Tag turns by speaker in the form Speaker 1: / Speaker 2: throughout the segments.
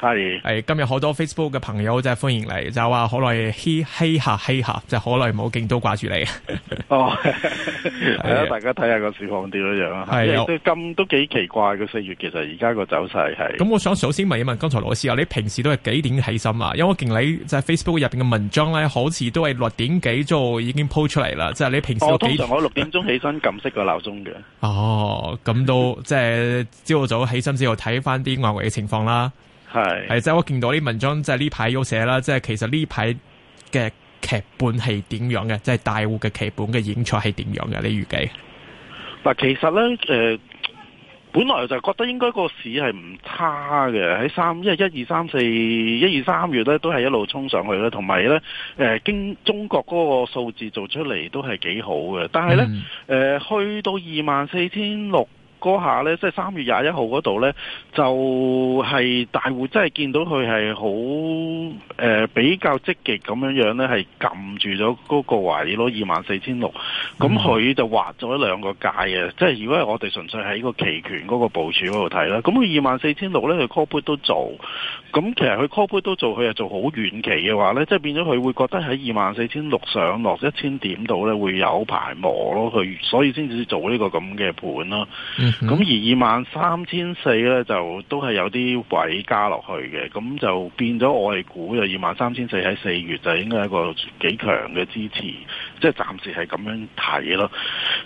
Speaker 1: 係，係 Hi. 今日好多 Facebook 嘅朋友真係歡迎嚟，就話好耐希希下希下，就好耐冇勁都掛住你。
Speaker 2: 哦，係啊，大家睇下個市況點樣啊？係的都咁都幾奇怪嘅四月，其實而家個走勢係。
Speaker 1: 咁我想首先問一問，剛才老師啊，你平時都係幾點起身啊？因為我見你就係、是、Facebook 入邊嘅文章咧，好似都係六點幾就已經鋪出嚟啦。即、就、係、是、你平時都幾我通常
Speaker 2: 我六點鐘起身撳熄 個鬧鐘嘅。
Speaker 1: 哦，咁都即係朝早起身之後睇翻啲外圍嘅情況啦。係係，即係我見到啲文章，即係呢排有寫啦，即係其實呢排嘅劇本係點樣嘅？即係大戶嘅劇本嘅演出係點樣嘅？你預計？
Speaker 2: 嗱，其實咧，誒，本來就係覺得應該個市係唔差嘅，喺三一一二三四一二三月咧，都係一路衝上去咧，同埋咧，誒，呃，經中國嗰個數字做出嚟都係幾好嘅，但係咧，誒，嗯，呃，去到二萬四千六。嗰下咧，即係三月廿一號嗰度咧，就係、是、大戶真係見到佢係好誒比較積極咁樣樣咧，係撳住咗嗰個位咯，二萬四千六。咁佢就劃咗兩個界嘅，即係如果係我哋純粹喺個期權嗰個部署嗰度睇啦，咁佢二萬四千六咧，佢 call put 都做。咁其實佢 call put 都做，佢係做好遠期嘅話咧，即係變咗佢會覺得喺二萬四千六上落一千點度咧，會有排磨咯，佢所以先至做呢個咁嘅盤咯。嗯咁、嗯、而二萬三千四咧，就都係有啲位加落去嘅，咁就變咗我哋估就二萬三千四喺四月就應該係一個幾強嘅支持，即、就、係、是、暫時係咁樣睇咯。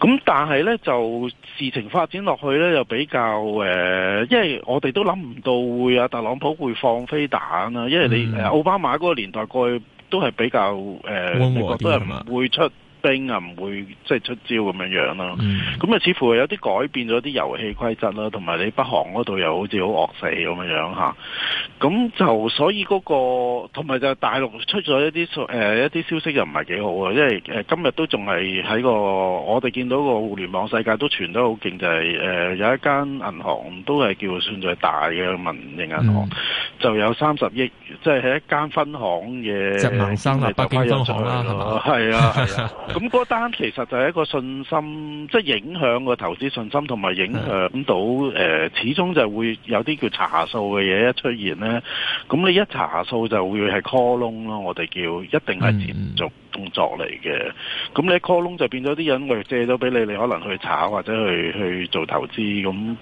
Speaker 2: 咁但係咧就事情發展落去咧，又比較誒、呃，因為我哋都諗唔到會啊特朗普會放飛彈啊，因為你奧、嗯、巴馬嗰個年代過去都係比較誒溫、呃、和啲會出兵啊，唔會即係出招咁樣樣咯。咁啊、嗯，似乎有啲改變咗啲遊戲規則啦，同埋你北韓嗰度又好似好惡死咁樣樣嚇。咁就所以嗰、嗰個，同埋就大陸出咗一啲、呃、一啲消息又唔係幾好啊。因為、呃、今日都仲係喺個我哋見到個互聯網世界都傳得好勁，就係、係呃、有一間銀行都係叫算係大嘅民營銀行，嗯、就有三十億即係喺一間分行嘅。隻盲生啊，北京分行啦，係啊。 咁嗰單其實就係一個信心，即、就、係、是、影響個投資信心，同埋影響到誒、呃，始終就會有啲叫查數嘅嘢一出現咧。咁你一查數就會係 call 窿咯，我哋叫一定係持續動作嚟嘅。咁、嗯嗯、你一 call 窿就變咗啲人，我借咗俾你，你可能去炒或者去去做投資，咁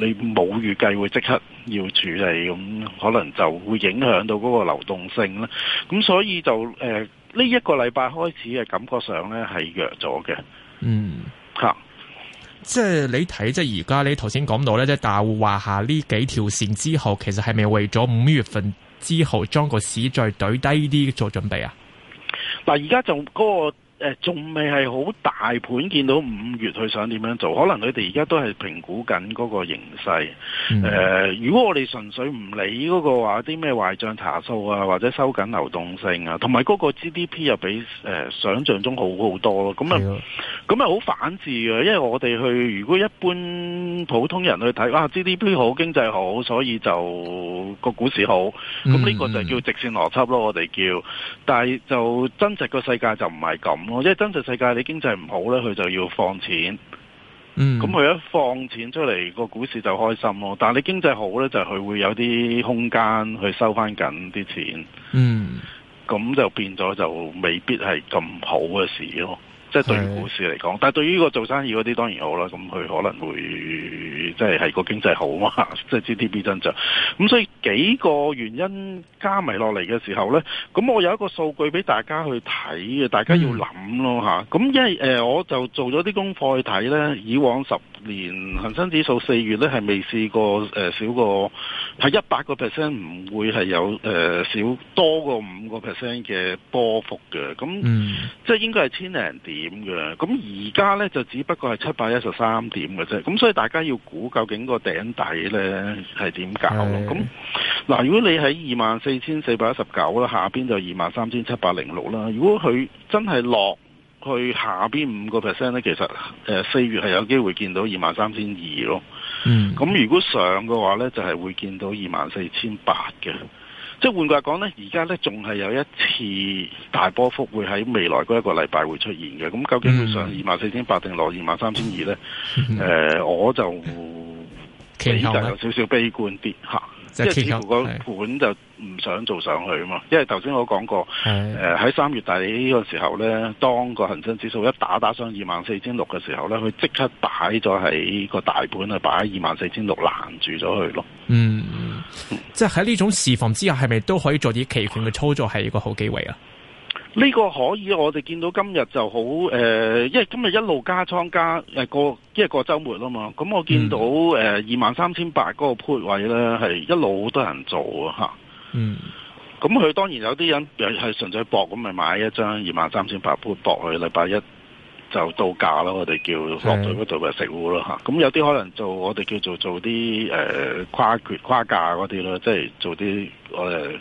Speaker 2: 你冇預計會即刻要處理，咁可能就會影響到嗰個流動性啦。咁所以就誒。呃呢一個禮拜開始嘅感覺上呢，係弱
Speaker 1: 咗嘅，嗯，吓、啊，即係你睇，即係而家你頭先講到呢，即係大戶話下呢幾條線之後，其實係咪為咗五月份之後將個市再懟低啲做準備啊？
Speaker 2: 嗱，而家仲嗰個。誒仲未係好大盤見到五月去想點樣做？可能佢哋而家都係評估緊嗰個形勢。誒、嗯呃，如果我哋純粹唔理嗰、嗰個話，啲咩壞賬查數啊，或者收緊流動性啊，同埋嗰個 GDP 又比、呃、想象中好好多咯。咁啊，咁啊好反智嘅，因為我哋去如果一般普通人去睇，啊 GDP 好經濟好，所以就個股市好。咁呢、嗯、個就叫直線邏輯咯，我哋叫。但係就真實個世界就唔係咁。即係真實世界，你經濟唔好咧，佢就要放錢。嗯，咁佢一放錢出嚟，個股市就開心咯。但係你經濟好咧，就佢會有啲空間去收翻緊啲錢。嗯，咁就變咗就未必係咁好嘅事咯。即係對於股市嚟講，但係對於個做生意嗰啲當然好啦。咁佢可能會即係係個經濟好嘛，即係 GDP 增長。咁所以幾個原因加埋落嚟嘅時候呢，咁我有一個數據俾大家去睇嘅，大家要諗咯吓，咁、嗯、因為誒，我就做咗啲功課去睇呢，以往十。連恒生指數四月咧係未試過誒、呃、少過係一百個 percent 唔會係有誒、呃、少多過五個 percent 嘅波幅嘅，咁、嗯、即係應該係千零點嘅。咁而家咧就只不過係七百一十三點嘅啫。咁所以大家要估究，究竟個頂底咧係點搞咯？咁嗱是，如果你喺二萬四千四百一十九啦，下邊就二萬三千七百零六啦。如果佢真係落，去下邊五個 percent 咧，其實誒四、呃、月係有機會見到二萬三千二咯。嗯，咁如果上嘅話咧，就係、是、會見到二萬四千八嘅。即係換句話講咧，而家咧仲係有一次大波幅會喺未來嗰一個禮拜會出現嘅。咁究竟會上二萬四千八定落二萬三千二咧？誒、嗯嗯嗯呃，我就比較有少少悲觀啲嚇。即係似乎個盤就唔想做上去啊嘛，因為頭先我講過，誒喺三月底呢個時候咧，當個恒生指數一打打上二萬四千六嘅時候咧，佢即刻擺咗喺個大盤啊，擺二萬四千六攔住咗佢咯。嗯，
Speaker 1: 即係喺呢種市況之下，係咪都可以做啲期權嘅操作係一個好機會啊？
Speaker 2: 呢個可以，我哋見到今日就好誒、呃，因為今日一路加倉加誒過一個週末啦嘛。咁我見到誒、嗯呃、二萬三千八嗰個盤位咧，係一路好多人做啊嗯。咁佢當然有啲人係純粹搏咁，咪買一張二萬三千八盤搏佢，禮拜一就到價咯。我哋叫是落到嗰度咪食糊咯嚇。咁有啲可能做我哋叫做做啲誒、呃、跨跨價嗰啲咯，即係做啲我哋。呃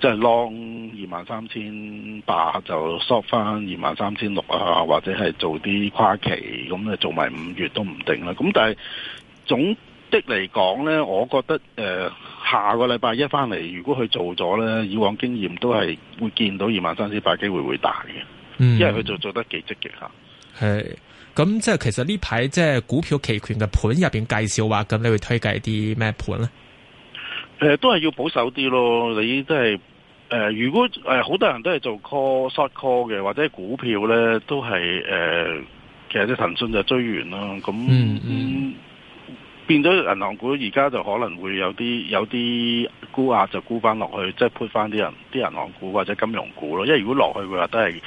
Speaker 2: 即係 long 二萬三千八就 short 翻二萬三千六啊，或者係做啲跨期咁就做埋五月都唔定啦。咁但係總的嚟講呢，我覺得誒、呃、下個禮拜一翻嚟，如果佢做咗呢，以往經驗都係會見到二萬三千八機會會大嘅，因為佢做做得幾積極吓
Speaker 1: 係、嗯，咁即係其實呢排即係股票期權嘅盤入面介紹話，咁你會推介啲咩盤呢？
Speaker 2: 誒、呃，都係要保守啲咯。你都係誒，如果誒好、呃、多人都係做 call short call 嘅，或者股票咧，都係誒、呃，其實隻騰訊就追完啦。咁、嗯嗯嗯、變咗銀行股而家就可能會有啲有啲沽壓就沽返落去，即係配返翻啲人啲銀行股或者金融股咯。因為如果落去嘅話都係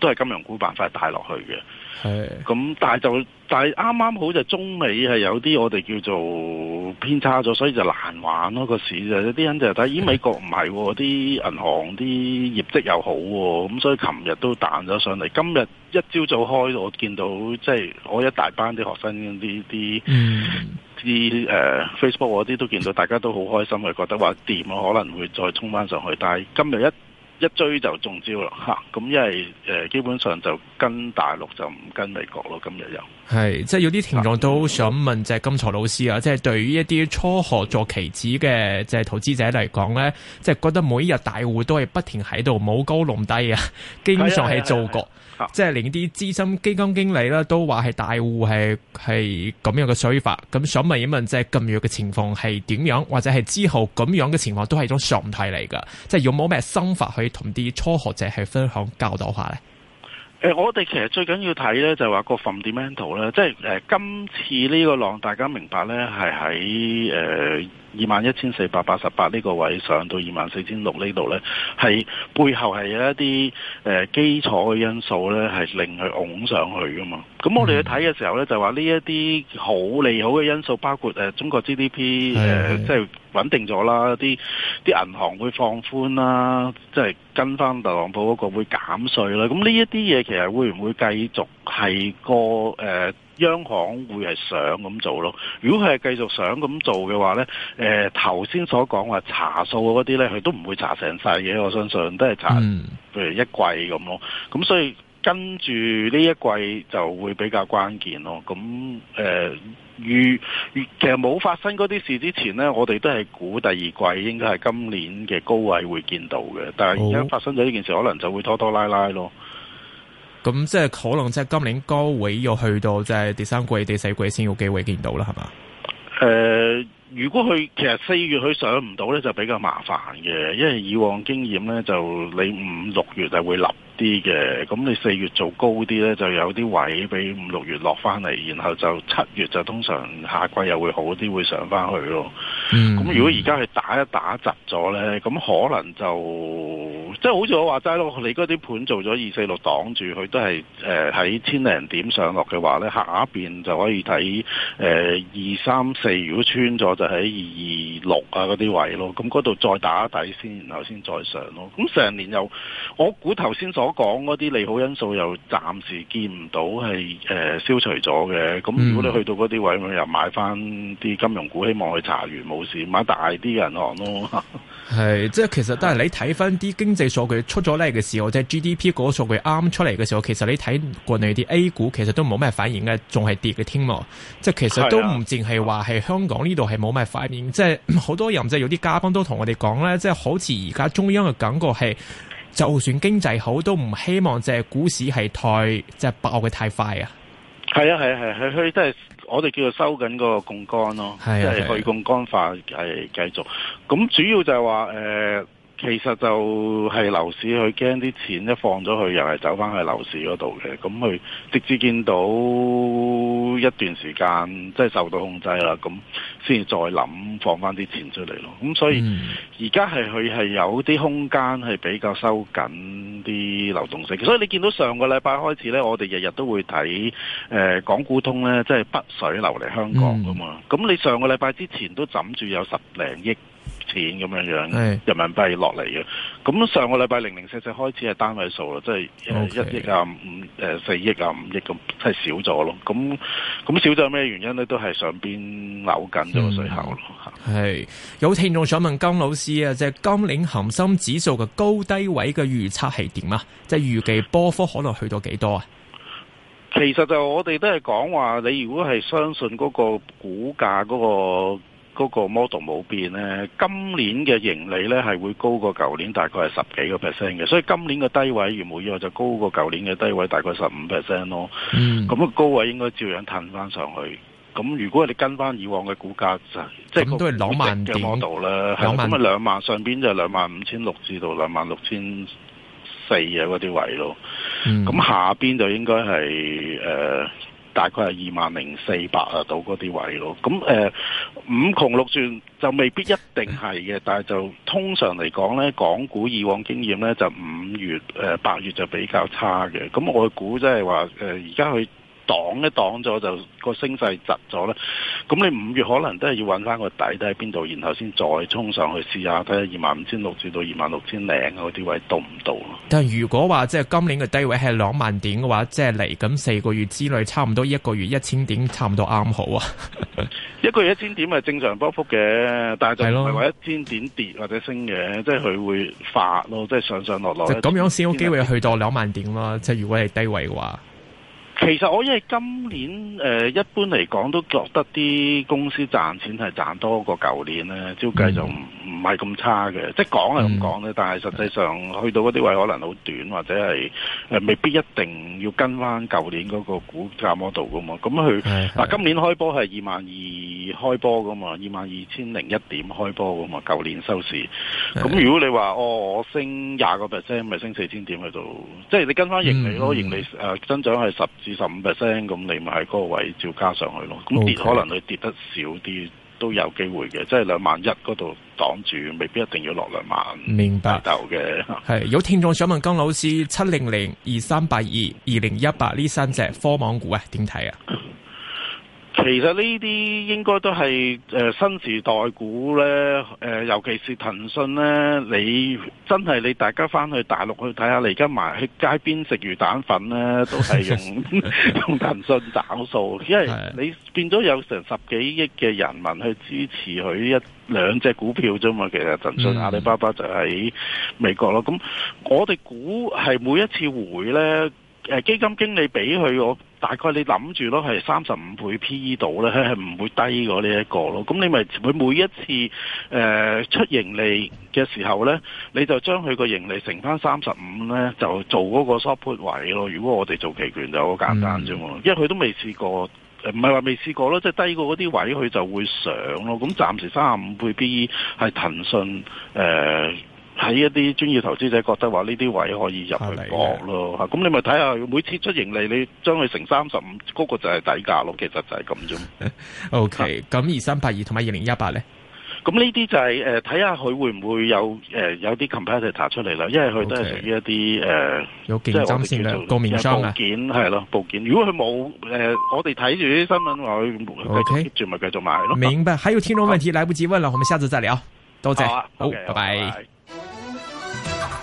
Speaker 2: 都係金融股辦法帶帶落去嘅。係，咁是但係就，但係啱啱好就中美係有啲我哋叫做偏差咗，所以就難玩咯個市就。有啲人就係睇，咦美國唔係，啲銀行啲業績又好，咁所以琴日都彈咗上嚟。今日一朝早開，我見到即係我一大班啲學生呢啲，啲誒、嗯呃、Facebook 嗰啲都見到，大家都好開心啊， 覺得話掂啊，可能會再衝翻上去。但係今日一一追就中招啦，吓，咁因為誒基本上就跟大陸就唔跟美國咯，今日又
Speaker 1: 係，即係有啲情況都想問只、就是、金曹老師啊，即、就、係、是、對於一啲初學作棋子嘅即係投資者嚟講咧，即、就、係、是、覺得每一日大戶都係不停喺度舞高弄低啊，經常係做局。即係連啲資深基金經理咧都話係大戶係係咁樣嘅說法，咁想問一問，即係今日嘅情況係點樣，或者係之後咁樣嘅情況都係一種常態嚟噶？即係有冇咩心法去同啲初學者去分享教導下咧？
Speaker 2: 誒、呃，我哋其實最緊要睇咧就話、係、個 fundamental 咧，即係誒今次呢個浪，大家明白咧係喺誒。二萬一千四百八十八呢個位上到二萬四千六呢度呢，係背後係有一啲誒、呃、基礎嘅因素呢，係令佢拱上去㗎嘛。咁我哋去睇嘅時候呢，就話呢一啲好利好嘅因素，包括、呃、中國 GDP 誒、呃、是即係穩定咗啦，啲啲銀行會放寬啦，即係跟翻特朗普嗰個會減稅啦。咁呢一啲嘢其實會唔會繼續係個誒？呃央行會係想咁做咯。如果佢係繼續想咁做嘅話呢，誒頭先所講話查數嗰啲呢，佢都唔會查成晒嘢，我相信都係查譬如一季咁咯。咁、嗯、所以跟住呢一季就會比較關鍵咯。咁誒預其實冇發生嗰啲事之前呢，我哋都係估第二季應該係今年嘅高位會見到嘅。但係而家發生咗呢件事，好可能就會拖拖拉拉咯。
Speaker 1: 咁即係可能即係今年高位要去到即係第三季、第四季先有機會見到啦，係嘛？
Speaker 2: 誒、呃，如果佢其實四月佢上唔到呢，就比較麻煩嘅，因為以往經驗呢，就你五六月係會立啲嘅，咁你四月做高啲呢，就有啲位俾五六月落返嚟，然後就七月就通常下季又會好啲，會上返去咯。咁、嗯嗯、如果而家佢打一打窒咗呢，咁可能就～即係好似我話齋咯，你嗰啲盤做咗二四六擋住，佢都係誒喺千零點上落嘅話咧，下一邊就可以睇誒二三四，呃、4，如果穿咗就喺二二六啊嗰啲位咯，咁嗰度再打底先，然後先再上咯。咁成年又，我估頭先所講嗰啲利好因素又暫時見唔到係誒、呃、消除咗嘅。咁如果你去到嗰啲位，我又買翻啲金融股，希望去查完冇事，買大啲嘅銀行咯。
Speaker 1: 係，即係其實都係你睇翻啲經濟數據出咗嚟嘅時候，即係 GDP 嗰個數據啱出嚟嘅時候，其實你睇國內啲 A 股其實都冇咩反應嘅，仲係跌嘅添。即係其實都唔淨係話係香港呢度係冇咩反應，即係好多人即係有啲嘉賓都同我哋講咧，即係好似而家中央嘅感覺係，就算經濟好都唔希望即係股市係太即係爆嘅太快啊。
Speaker 2: 係啊，係啊，係，佢即係我哋叫做收緊個槓桿咯，即係去槓桿化係繼續。咁主要就係話誒，其實就係樓市佢驚啲錢一放咗去，又係走翻去樓市嗰度嘅。咁佢直至見到一段時間即係、就是、受到控制啦。咁。先再諗放翻啲錢出嚟咯，咁、嗯、所以而家係佢係有啲空間係比較收緊啲流動性，所以你見到上個禮拜開始呢，我哋日日都會睇誒、呃、港股通呢，即係北水流嚟香港㗎嘛，咁、嗯、你上個禮拜之前都枕住有十零億錢咁樣樣人民幣落嚟嘅。咁上個禮拜零零四四開始係單位數啦，即、就、係、是、有一億啊，五誒四億啊，五億咁，即係少咗咯。咁咁少咗有咩原因咧？都係上邊扭緊咗需
Speaker 1: 求咯。係、嗯、有聽眾想問金老師啊，即係金領恆生指數嘅高低位嘅預測係點啊？即、就、係、是、預計波幅可能去到幾多啊？
Speaker 2: 其實就我哋都係講話，你如果係相信嗰個股價嗰、那個。嗰個 model 冇變咧，今年嘅盈利咧係會高過舊年，大概係十幾個 percent 嘅，所以今年嘅低位原本以為就高過舊年嘅低位，大概十五 percent 咯。嗯，咁個高位應該照樣褪翻上去。咁如果你跟翻以往嘅股價，就即
Speaker 1: 係都係兩萬嘅 model
Speaker 2: 啦。兩萬上邊就兩萬五千六至到兩萬六千四嘅嗰啲位咯。咁下邊就應該係誒。呃大概係二萬零四百啊度嗰啲位咯，咁、呃、五窮六絕就未必一定係嘅，但係就通常嚟講咧，港股以往經驗咧就五月、呃、八月就比較差嘅，咁我估即係話誒而家佢。呃擋一擋咗就個升勢窒咗啦。咁你五月可能都係要搵翻個底底喺邊度，然後先再衝上去試下睇下二萬五千六至26，到二萬六千零嗰啲位到唔到咯？
Speaker 1: 但係如果話即係今年嘅低位係兩萬點嘅話，即係嚟緊四個月之內差唔多一個月一千點差，差唔多啱好
Speaker 2: 啊？一個月一千點係正常波幅嘅，但係就唔係話一千點跌或者升嘅的，即係佢會發咯，即係上上落落。咁樣先有機會
Speaker 1: 去到兩萬點啦，即係、嗯、如果係低位嘅話。
Speaker 2: 其實我因為今年誒、呃、一般嚟講都覺得啲公司賺錢係賺多過舊年咧，照計就唔係咁差嘅。即係講係咁講咧，嗯、但係實際上去到嗰啲位可能好短，或者係未必一定要跟翻舊年嗰個股價模度噶嘛。咁佢嗱今年開波係二萬二開波噶嘛，二萬二千零一點開波噶嘛。舊年收市咁是如果你話哦我升廿個 percent，咪升四千點喺度，即係你跟翻盈利咯，嗯、盈利、呃、增長係十。四十五 percent 咁，你咪喺嗰個位照加上去咯。咁跌 Okay. 可能佢跌得少啲，都有機會嘅。即係兩萬一嗰度擋住，未必一定要落兩萬。明白嘅。
Speaker 1: 係 有聽眾想問金老師，七零零、二三八二、二零一八呢三隻科網股啊，點睇啊？
Speaker 2: 其實呢啲應該都係誒、呃、新時代股呢，誒、呃、尤其是騰訊呢。你真係你大家翻去大陸去睇下，你而家埋去街邊食魚蛋粉呢，都係用 用騰訊找數，因為你變咗有成十幾億嘅人民去支持佢一兩隻股票啫嘛。其實騰訊、阿里巴巴就喺美國咯。咁我哋估係每一次回呢。誒，基金經理俾佢我大概你諗住咯，係三十五倍 P E 度咧，係唔會低過呢、這、一個咯。咁你咪佢每一次誒、呃、出盈利嘅時候咧，你就將佢個盈利乘翻三十五咧，就做嗰個 support 位咯。如果我哋做期權就好簡單啫喎，嗯、因為佢都未試過，唔係話未試過咯，即、就、係、是、低過嗰啲位佢就會上咯。咁暫時三十五倍 P E 係騰訊誒。呃喺一啲專業投資者覺得話呢啲位可以入去搏咯嚇，咁你咪睇下每次出盈利，你將佢乘三十五，嗰個就係底價咯。其實就係咁啫。
Speaker 1: O K，咁二三八二同埋二零一八咧，
Speaker 2: 咁呢啲就係誒睇下佢會唔會有誒有啲 competitor 出嚟啦。因為佢都係屬於一啲誒有競爭性啦。個面衫啊，部件係咯，部件。如果佢冇誒，我哋睇住啲新聞話佢，O K，仲咪繼續買咯。明
Speaker 1: 白。還有聽眾問題，來不及問了，我們下次再聊。多謝，好，拜
Speaker 2: 拜。